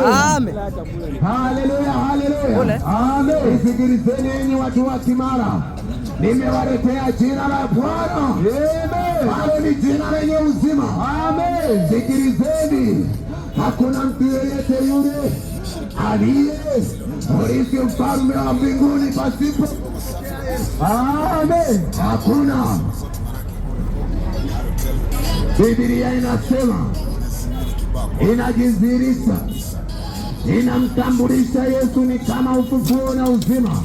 Amen. Haleluya, haleluya. Amen. Isikilizeni enyi watu wa Kimara, nimewaletea jina la Bwana. Amen. ni jina lenye uzima. Amen. Sikilizeni, hakuna mtu yeyote yule aliye urithi ufalme wa mbinguni pasipo. Amen. Hakuna. Biblia inasema, inajidhihirisha inamtambulisha Yesu ni kama ufufuo na uzima.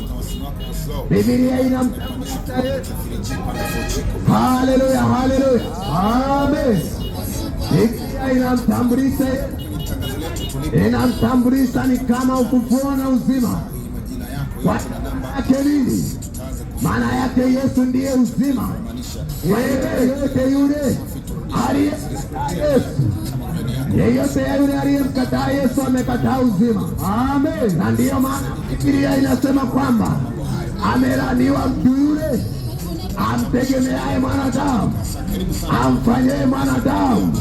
Biblia inamtambulisha Yesu. Haleluya, haleluya, amen. Biblia inamtambulisha Yesu, inamtambulisha ni kama ufufuo na uzima. Kwa yake nini? Maana yake Yesu ndiye uzima. Wewe yote yule aliye Yesu Yeyote yule aliyemkataa Yesu amekataa uzima. Amen. Na ndiyo maana Biblia inasema kwamba amelaniwa mtu yule amtegemeaye mwanadamu, amfanyee mwanadamu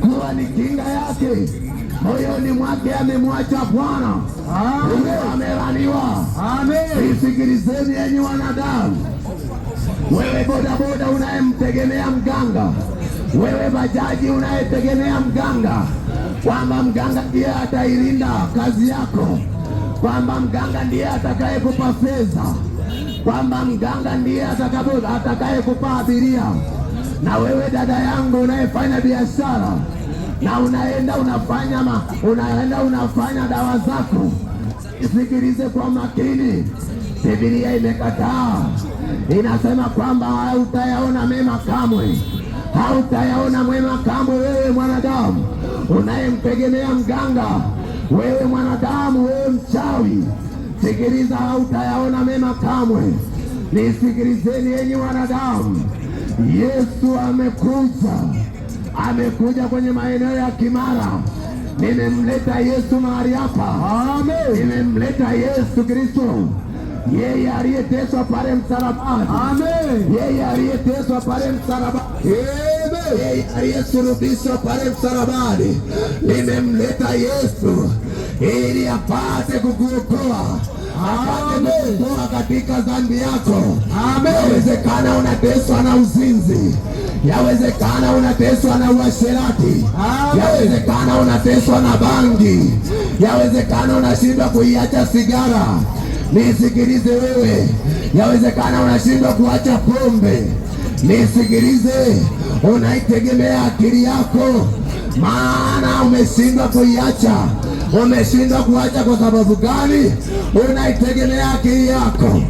kuwa ni kinga yake moyoni mwake amemwacha Bwana, huyo amelaniwa. Isikilizeni enyi wanadamu, wewe bodaboda unayemtegemea mganga wewe bajaji unayetegemea mganga kwamba mganga ndiye atailinda kazi yako, kwamba mganga ndiye atakayekupa fedha, kwamba mganga ndiye atakayekupa abiria. Na wewe dada yangu unayefanya biashara na unaenda unafanya ma, unaenda unafanya dawa zako, sikilize kwa makini. Biblia imekataa, inasema kwamba hautayaona mema kamwe hautayaona mwema kamwe. Wewe mwanadamu unayemtegemea mganga, wewe mwanadamu, wewe mchawi, sikiliza, hautayaona mema kamwe. Nisikilizeni enyi wanadamu, Yesu amekuja, amekuja kwenye maeneo ya Kimara. Nimemleta Yesu mahali hapa, amen. Nimemleta Yesu Kristo, yeye aliyeteswa pale msalabani, amen. Yeye aliyeteswa pale msalabani, amen aliyesulubishwa pale msalabani, nimemleta Yesu ili apate kukuokoa kukuokoa katika dhambi yako. Yawezekana unateswa na uzinzi, yawezekana unateswa na uasherati, yawezekana unateswa na bangi, yawezekana unashindwa kuiacha sigara. Nisikilize wewe, yawezekana unashindwa kuacha pombe Nisikilize, unaitegemea akili yako, maana umeshindwa kuiacha. Umeshindwa kuacha kwa sababu gani? Unaitegemea akili yako.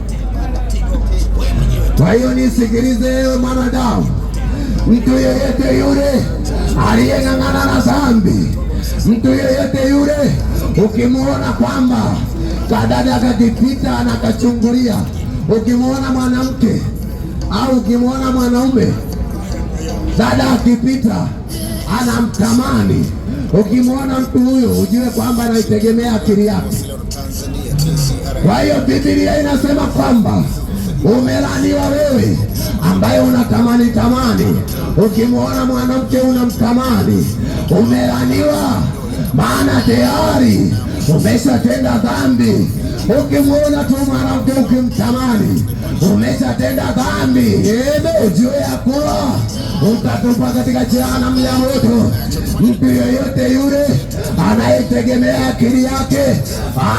Kwa hiyo nisikilize, ewe mwanadamu, mtu yeyote yule aliyeng'ang'ana na dhambi, mtu yeyote yule ukimwona kwamba kadada akakipita na kachungulia, ukimwona mwanamke au ukimwona mwanaume dada akipita anamtamani, ukimwona mtu huyo ujue kwamba anaitegemea akili yake. Kwa hiyo Biblia inasema kwamba umelaniwa wewe ambaye unatamani tamani, ukimwona mwanamke unamtamani, umelaniwa, maana tayari umeshatenda dhambi. Ukimwona tu mwanamke ukimtamani, umeshatenda dhambi Ujue ya kuwa utatupa katika jehanamu ya moto. Mtu yoyote yule anayetegemea akili yake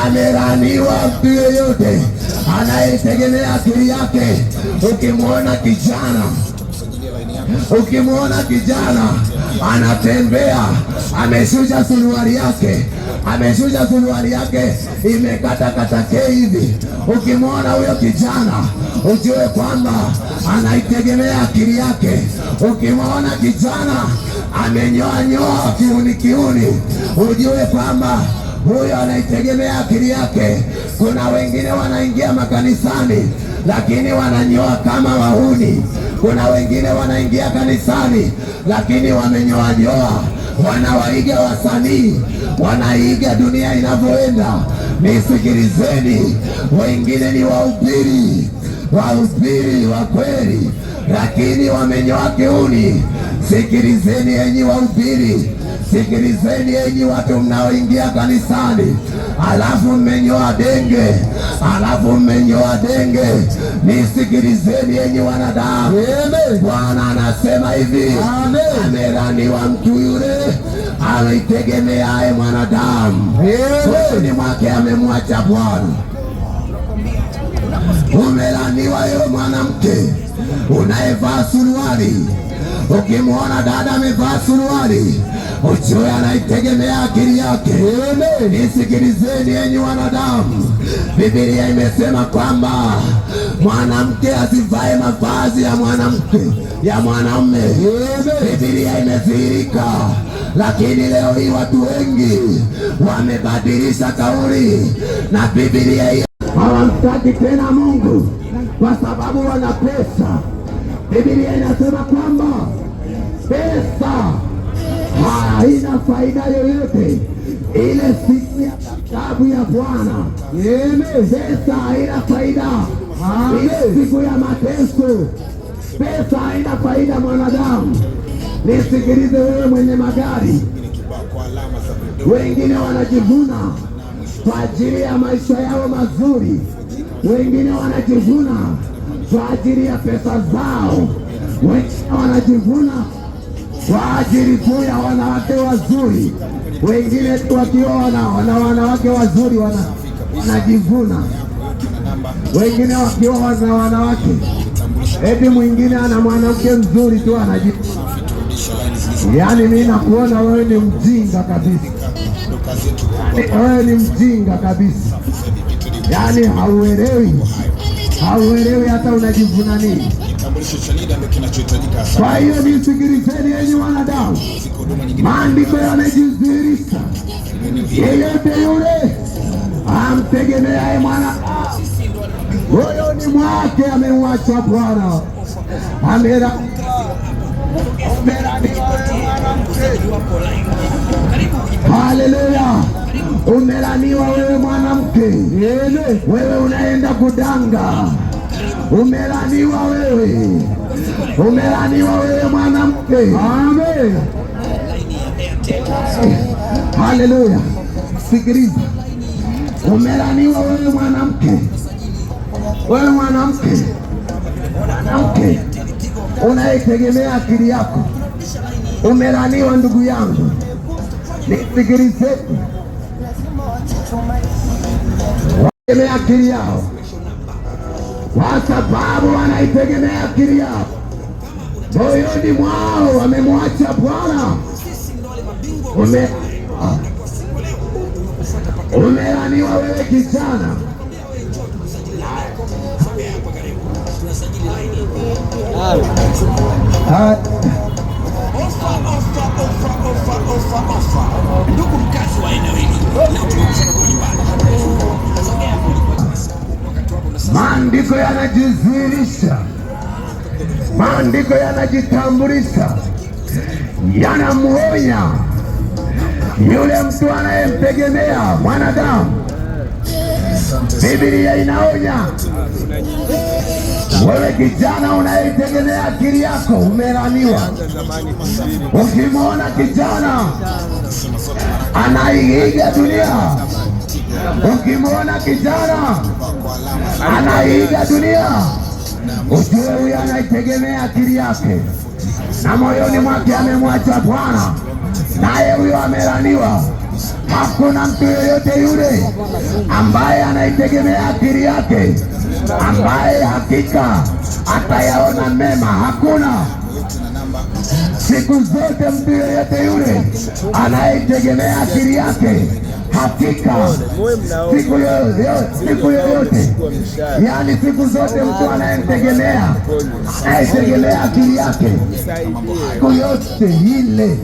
ameraniwa. Mtu yoyote anayetegemea akili yake, ukimwona kijana, ukimwona kijana anatembea, ameshusha suruali yake, ameshusha suruali yake imekatakatake hivi. Ukimwona huyo kijana ujue kwamba anaitegemea akili yake. Ukimwona kijana amenyoa nyoa kiuni kiuni, ujue kwamba huyo anaitegemea akili yake. Kuna wengine wanaingia makanisani, lakini wananyoa kama wahuni. Kuna wengine wanaingia kanisani lakini wamenyoanyoa, wanawaiga wasanii, wanaiga dunia inavyoenda. Nisikilizeni, wengine ni wahubiri, wahubiri wa kweli, lakini wamenyoa keuni. Sikilizeni enyi wahubiri Sikilizeni enyi watu mnaoingia kanisani, alafu mmenyoa denge, alafu mmenyoa denge. Nisikilizeni enyi wanadamu, Bwana anasema hivi, ameraniwa mtu yule aitegemeaye mwanadamu, usoni mwake amemwacha Bwana. Umelaniwa yo mwanamke unayevaa suruali. Ukimwona dada amevaa suruali usiwe anaitegemea akili yake. Nisikilizeni enyi wanadamu, Biblia imesema kwamba mwanamke asivae mavazi ya mwanamke ya mwanamume. Biblia imedhihirika, lakini leo hii watu wengi wamebadilisha kauli na Biblia hawamtaki tena Mungu kwa sababu wana pesa. Biblia inasema kwamba pesa haina faida yoyote ile siku ya ghadhabu ya Bwana. Pesa haina faida ile siku ya mateso. Pesa haina faida mwanadamu. Nisikilize wewe mwenye magari, wengine wanajivuna kwa ajili ya maisha yao mazuri, wengine wanajivuna kwa ajili ya pesa zao, wengine wanajivuna kwa ajili kuu ya wanawake wazuri, wengine wakiona na wanawake wazuri wanajivuna, wengine wakiona na wanawake eti mwingine ana mwanamke mzuri tu anajivuna. yaani mimi nakuona wewe ni mjinga kabisa, yaani wewe ni mjinga kabisa, yaani hauelewi, hauelewi hata unajivuna nini. Kwa hiyo nisikilizeni, enyi wanadamu, maandiko yamejidhihirisha, yeyote yule amtegemeaye mwana ni mwake amemwacha Bwana amera Haleluya! Umelaniwa wewe mwanamke, wewe unaenda kudanga Umelaniwa wewe, umelaniwa wewe mwanamke. Amen, haleluya. Sikiliza, umelaniwa wewe mwanamke, wewe mwanamke, mwanamke unayetegemea akili yako, umelaniwa ndugu yangu, nisikilize, wategemea akili yao kwa sababu wanaitegemea akili yao, moyoni mwao wamemwacha Bwana. Umelaniwa ah, wewe kijana, ndugu mkazi wa eneo hili Maandiko yanajizihirisha, maandiko yanajitambulisha, yanamuonya yule mtu anayemtegemea mwanadamu. Biblia inaonya wewe kijana unayeitegemea akili yako, umelaniwa. Ukimwona kijana anaiiga dunia Ukimwona kijana anaiga dunia, ujue huyo anaitegemea akili yake na moyoni mwake amemwacha Bwana, naye huyo amelaniwa. Hakuna mtu yoyote yule ambaye anaitegemea akili yake ambaye hakika atayaona mema, hakuna siku zote mtu yoyote yule anayetegemea akili yake hakika siku yoyote, yaani siku zote, mtu anayemtegemea anayetegemea akili yake, siku yote ile,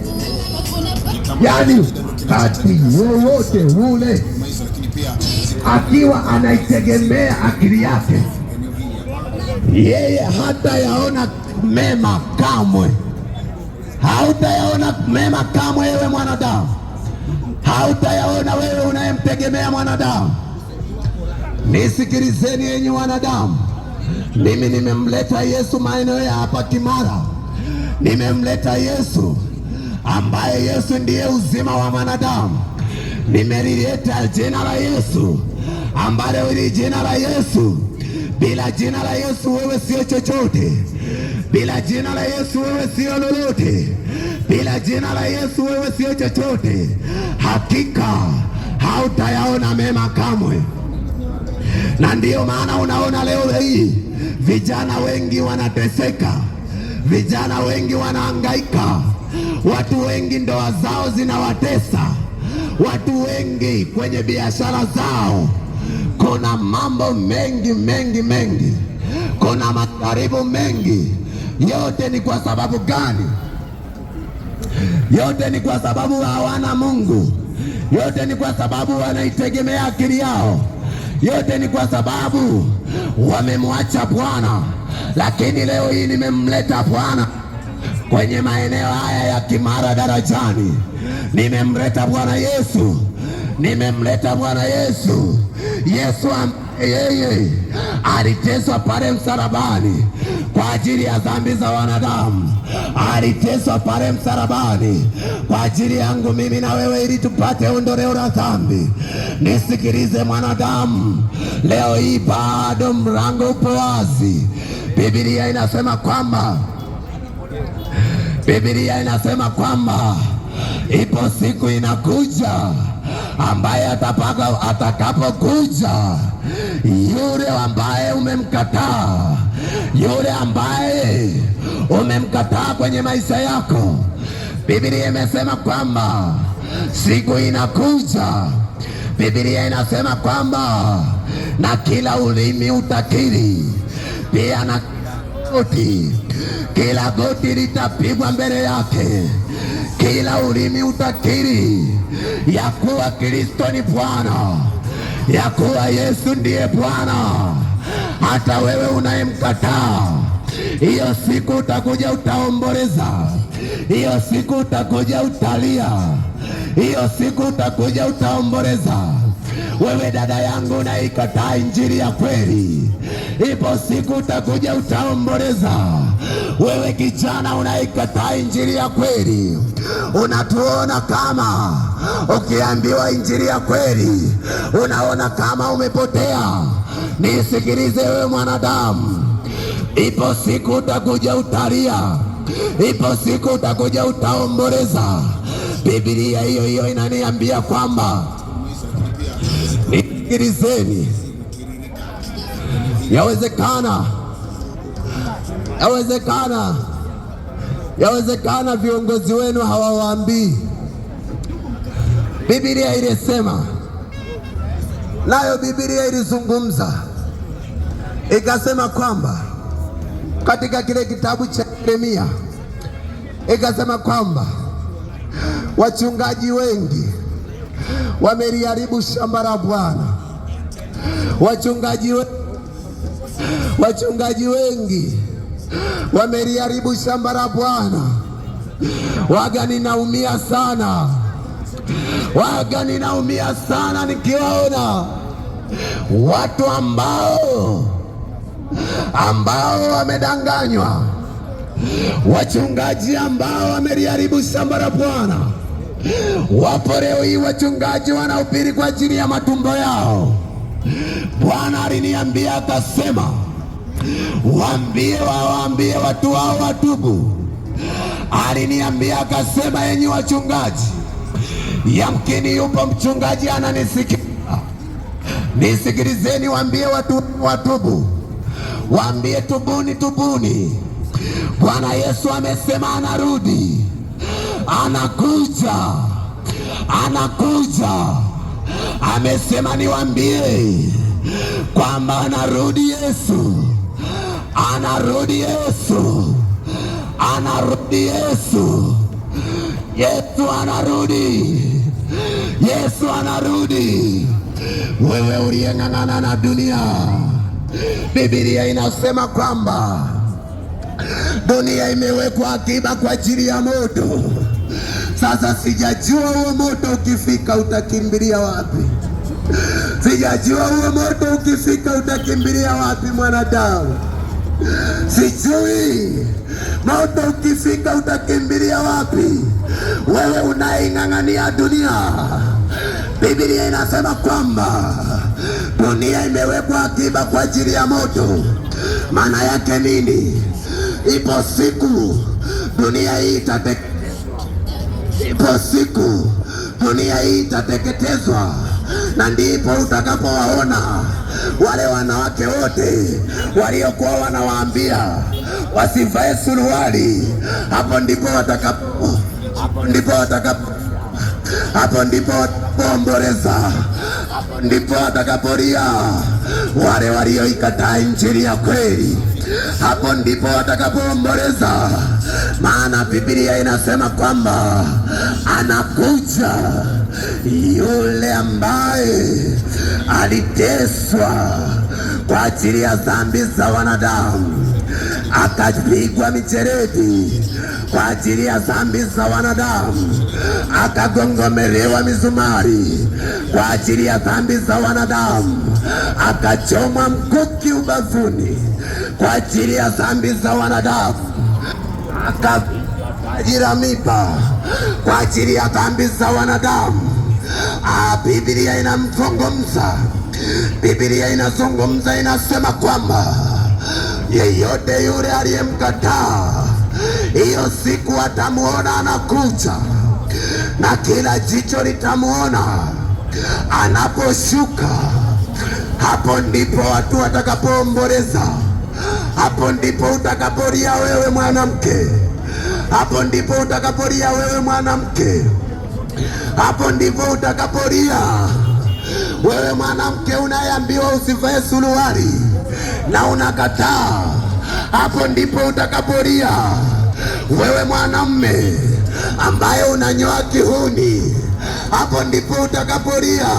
yaani kati wowote ule, akiwa anaitegemea akili yake, yeye hata yaona mema kamwe, hautayaona mema kamwe, ewe mwanadamu hautayaona wewe unayemtegemea mwanadamu. Nisikilizeni yenyi wanadamu, mimi nimemleta Yesu maeneo ya hapa Kimara, nimemleta Yesu ambaye Yesu ndiye uzima wa mwanadamu. Nimelileta jina la Yesu ambalo ili jina la Yesu bila jina la Yesu wewe sio chochote. Bila jina la Yesu wewe sio lolote. Bila jina la Yesu wewe sio chochote. Hakika hautayaona mema kamwe, na ndiyo maana unaona leo hii vijana wengi wanateseka, vijana wengi wanahangaika, watu wengi ndoa zao zinawatesa, watu wengi kwenye biashara zao kuna mambo mengi mengi mengi, kuna makaribu mengi. Yote ni kwa sababu gani? Yote ni kwa sababu hawana Mungu. Yote ni kwa sababu wanaitegemea akili yao. Yote ni kwa sababu wamemwacha Bwana. Lakini leo hii nimemleta Bwana kwenye maeneo haya ya Kimara Darajani, nimemleta Bwana Yesu nimemleta Bwana Yesu, Yesu yeye aliteswa pale msalabani kwa ajili ya dhambi za wanadamu, aliteswa pale msalabani kwa ajili yangu mimi na wewe, ili tupate ondoleo la dhambi. Nisikilize mwanadamu, leo hii bado mlango upo wazi. Biblia inasema kwamba Biblia inasema kwamba ipo siku inakuja ambaye atapaka atakapokuja, yule ambaye umemkataa, yule ambaye umemkataa kwenye maisha yako. Biblia imesema kwamba siku inakuja. Biblia inasema kwamba na kila ulimi utakiri pia na goti, kila goti litapigwa mbele yake, kila ulimi utakiri ya kuwa Kristo ni Bwana, ya kuwa Yesu ndiye Bwana. Hata wewe unayemkataa, hiyo siku utakuja utaomboleza, hiyo siku utakuja utalia, hiyo siku utakuja utaomboleza. Wewe dada yangu, naikataa injili ya kweli. Ipo siku utakuja utaomboleza. Wewe kijana, unaikataa injili ya kweli. Unatuona kama ukiambiwa injili ya kweli unaona kama umepotea. Nisikilize wewe mwanadamu, ipo siku utakuja utalia, ipo siku utakuja utaomboleza. Biblia hiyo hiyo inaniambia kwamba Fikirizeni, yawezekana, yawezekana, yawezekana viongozi wenu hawawaambii. Biblia ilisema nayo, Biblia ilizungumza ikasema kwamba katika kile kitabu cha Yeremia ikasema kwamba wachungaji wengi wameliharibu shamba la Bwana. Wachungaji, we, wachungaji wengi wameliharibu shamba la Bwana. Waga ninaumia sana, waga ninaumia sana nikiwaona watu ambao ambao wamedanganywa, wachungaji ambao wameliharibu shamba la Bwana. Wapo leo hii wachungaji wanahubiri kwa ajili ya matumbo yao. Bwana aliniambia akasema, waambie wawaambie watu wao watubu. Aliniambia akasema, enyi wachungaji, yamkini yupo mchungaji ananisikia, nisikilizeni, waambie watu watubu, waambie tubuni, tubuni. Bwana Yesu amesema anarudi anakuja, anakuja. Amesema niwaambie kwamba anarudi Yesu, anarudi Yesu, anarudi Yesu, Yesu anarudi, Yesu anarudi. Wewe uliyeng'ang'ana na dunia, Biblia inasema kwamba dunia imewekwa akiba kwa ajili ya moto. Sasa sijajua huo moto ukifika utakimbilia wapi? Sijajua huo moto ukifika utakimbilia wapi mwanadamu? Sijui moto ukifika utakimbilia wapi? Wewe unaing'ang'ania dunia, Biblia inasema kwamba dunia imewekwa akiba kwa ajili ya moto. Maana yake nini? Ipo siku dunia hii itate Ipo siku dunia hii itateketezwa, na ndipo utakapowaona wale wanawake wote waliokuwa wanawaambia wasivae suruali. Hapo ndipo watakapo, hapo ndipo watakapo, hapo ndipo watakapoomboleza, hapo ndipo watakapolia wale walioikataa injili ya kweli hapo ndipo watakapoomboleza, maana Biblia inasema kwamba anakuja yule ambaye aliteswa kwa ajili ya dhambi za wanadamu akapigwa micheredi kwa ajili ya dhambi za wanadamu, akagongomerewa mizumari kwa ajili ya dhambi za wanadamu, akachomwa mkuki ubavuni kwa ajili ya dhambi za wanadamu, akapigwa mipa kwa ajili ya dhambi za wanadamu. Ah, Biblia inamzungumza, Biblia inazungumza, inasema kwamba Yeyote yule aliyemkataa hiyo siku atamwona anakuja, na kila jicho litamwona anaposhuka. Hapo ndipo watu watakapoomboleza, hapo ndipo utakapolia wewe mwanamke, hapo ndipo utakapolia wewe mwanamke, hapo ndipo utakapolia wewe mwanamke unayeambiwa usivae suruali na unakataa, hapo ndipo utakapolia. Wewe mwanamme ambaye unanyoa kihuni, hapo ndipo utakapolia.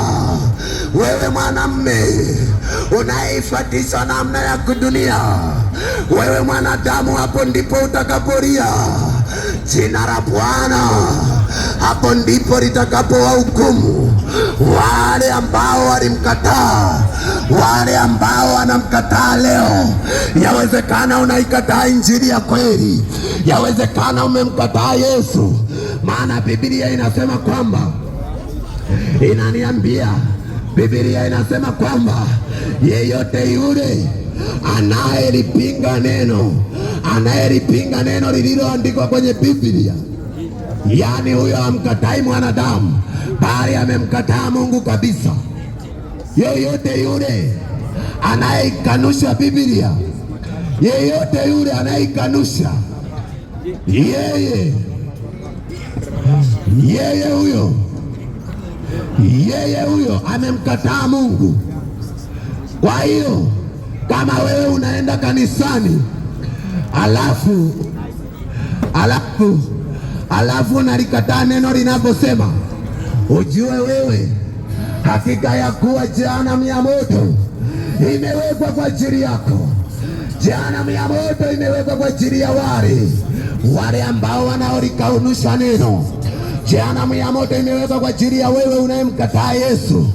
Wewe mwanamme unayeifuatisha namna ya kudunia wewe mwanadamu, hapo ndipo utakapolia. Jina la Bwana hapo ndipo litakapowahukumu wale ambao walimkataa, wale ambao wanamkataa leo. Yawezekana unaikataa injili ya kweli, yawezekana umemkataa Yesu, maana Biblia inasema kwamba inaniambia Biblia inasema kwamba yeyote yule anayelipinga neno, anayelipinga neno lililoandikwa kwenye Biblia Yaani huyo amkatai mwanadamu, bali amemkataa Mungu kabisa. Yeyote yule anayeikanusha Biblia, yeyote yule anayeikanusha yeye yeye huyo yeye huyo amemkataa Mungu. Kwa hiyo kama wewe unaenda kanisani alafu alafu alafu unalikataa neno linaposema, ujue wewe hakika ya kuwa jehanamu ya moto imewekwa kwa ajili yako. Jehanamu ya moto imewekwa kwa ajili ya wale wale ambao wanaolikaunusha neno. Jehanamu ya moto imewekwa kwa ajili ya wewe unayemkataa Yesu.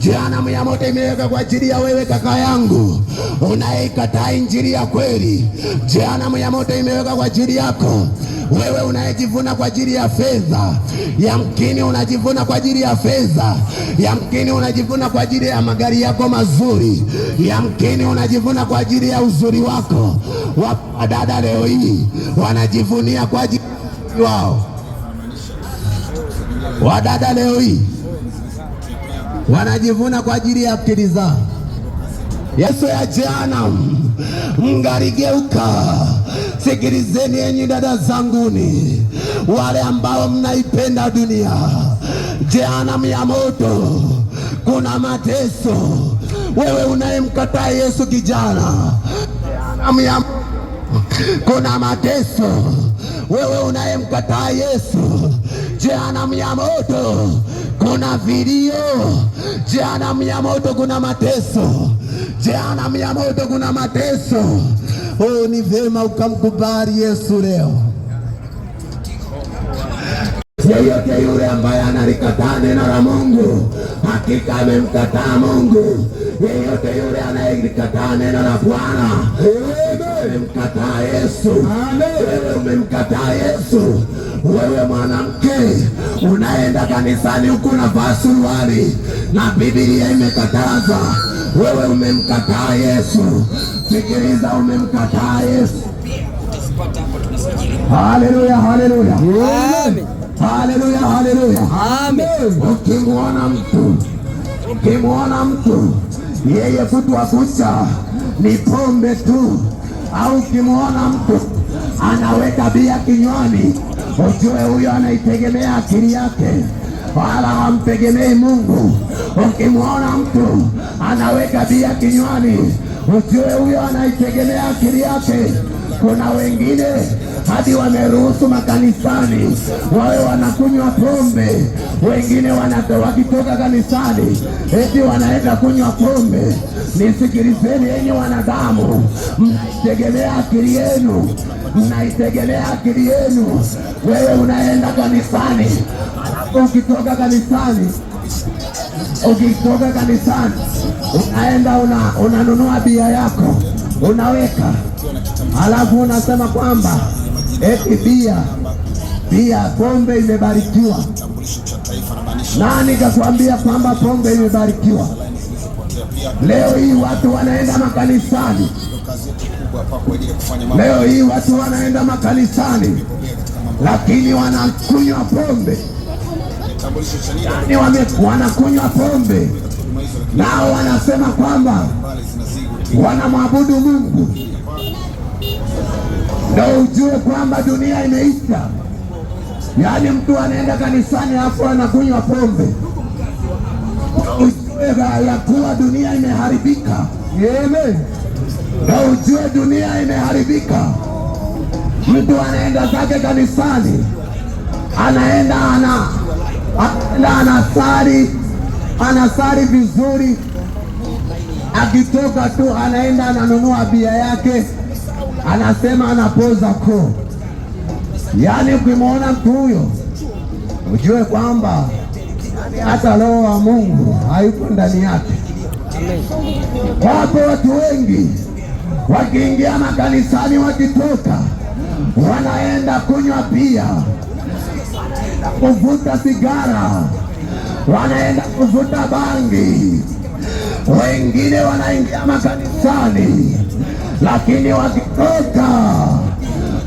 Jehanamu ya moto imewekwa kwa ajili ya wewe kaka yangu unayeikataa injili ya kweli. Jehanamu ya moto imewekwa kwa ajili yako. Wewe unayejivuna kwa ajili ya fedha, yamkini unajivuna kwa ajili ya fedha, yamkini unajivuna kwa ajili ya magari yako mazuri, yamkini unajivuna kwa ajili ya uzuri wako. Wadada leo hii wanajivunia kwa ajili wao, wadada leo hii wanajivuna kwa ajili ya akili zao. Yesu ya jana mngarigeuka Sikilizeni enyi dada zanguni, wale ambao mnaipenda dunia, jehanamu ya moto, kuna mateso. Wewe unayemkataa Yesu kijana, jehanamu ya moto, kuna mateso. Wewe unayemkataa Yesu, jehanamu ya moto, kuna vilio. Jehanamu ya moto, kuna mateso. Jehanamu ya moto, kuna mateso. o nivema ukamkubali Yesu leo. Yeyote yule ambaye analikataa neno la Mungu hakika amemkataa Mungu. Yeyote yule anayelikataa neno la Bwana amemkataa Yesu. Wewe umemkataa Yesu. Wewe mwanamke unaenda kanisani huku navaa suruali na Biblia imekataza, wewe umemkataa Yesu. Sikiliza, umemkataa Yesu. Haleluya, haleluya, amen. Haleluya, haleluya. Amen. Ukimwona mtu ukimwona mtu yeye kutwa kucha ni pombe tu, au ukimwona mtu anaweka bia kinywani, ujue huyo anaitegemea akili yake wala hamtegemei Mungu. Ukimwona mtu anaweka bia kinywani, ujue huyo anaitegemea akili yake. Kuna wengine hadi wameruhusu makanisani wawe wanakunywa pombe, wengine wakitoka kanisani eti wanaenda kunywa pombe. Nisikilizeni enye wanadamu, mnaitegemea akili yenu, mnaitegemea akili yenu. Wewe unaenda kanisani, alafu ukitoka kanisani ukitoka kanisani unaenda unanunua una bia yako unaweka, alafu unasema kwamba eti bia bia pombe imebarikiwa. Nani kakwambia kwamba pombe imebarikiwa? Leo hii watu wanaenda makanisani, leo hii watu wanaenda makanisani, lakini wanakunywa pombe, yaani wanakunywa pombe, nao wanasema kwamba wanamwabudu Mungu na ujue kwamba dunia imeisha. Yaani mtu anaenda kanisani hapo anakunywa pombe, ujue ya kuwa dunia imeharibika. Amen. Na ujue dunia imeharibika. Mtu anaenda zake kanisani, anaenda ana anaenda anasari anasari vizuri, akitoka tu anaenda ananunua bia yake anasema anapoza koo, yaani ukimwona mtu huyo ujue kwamba hata roho wa Mungu hayuko ndani yake. Wapo watu wengi wakiingia makanisani, wakitoka wanaenda kunywa pia, kuvuta sigara, wanaenda kuvuta bangi wengine wanaingia makanisani, lakini wakitoka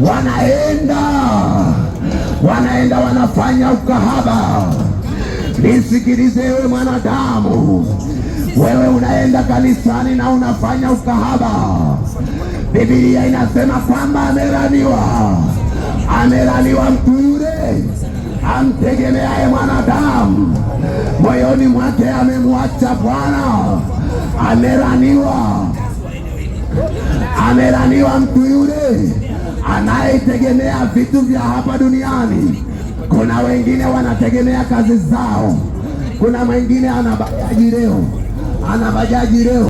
wanaenda wanaenda wanafanya ukahaba. Nisikilize wewe mwanadamu, wewe unaenda kanisani na unafanya ukahaba. Biblia inasema kwamba amelaniwa, amelaniwa mtu yule amtegemeaye mwanadamu moyoni mwake amemwacha Bwana. Ameraniwa, ameraniwa mtu yule anayetegemea vitu vya hapa duniani. Kuna wengine wanategemea kazi zao, kuna mwengine ana bajaji leo, ana bajaji leo.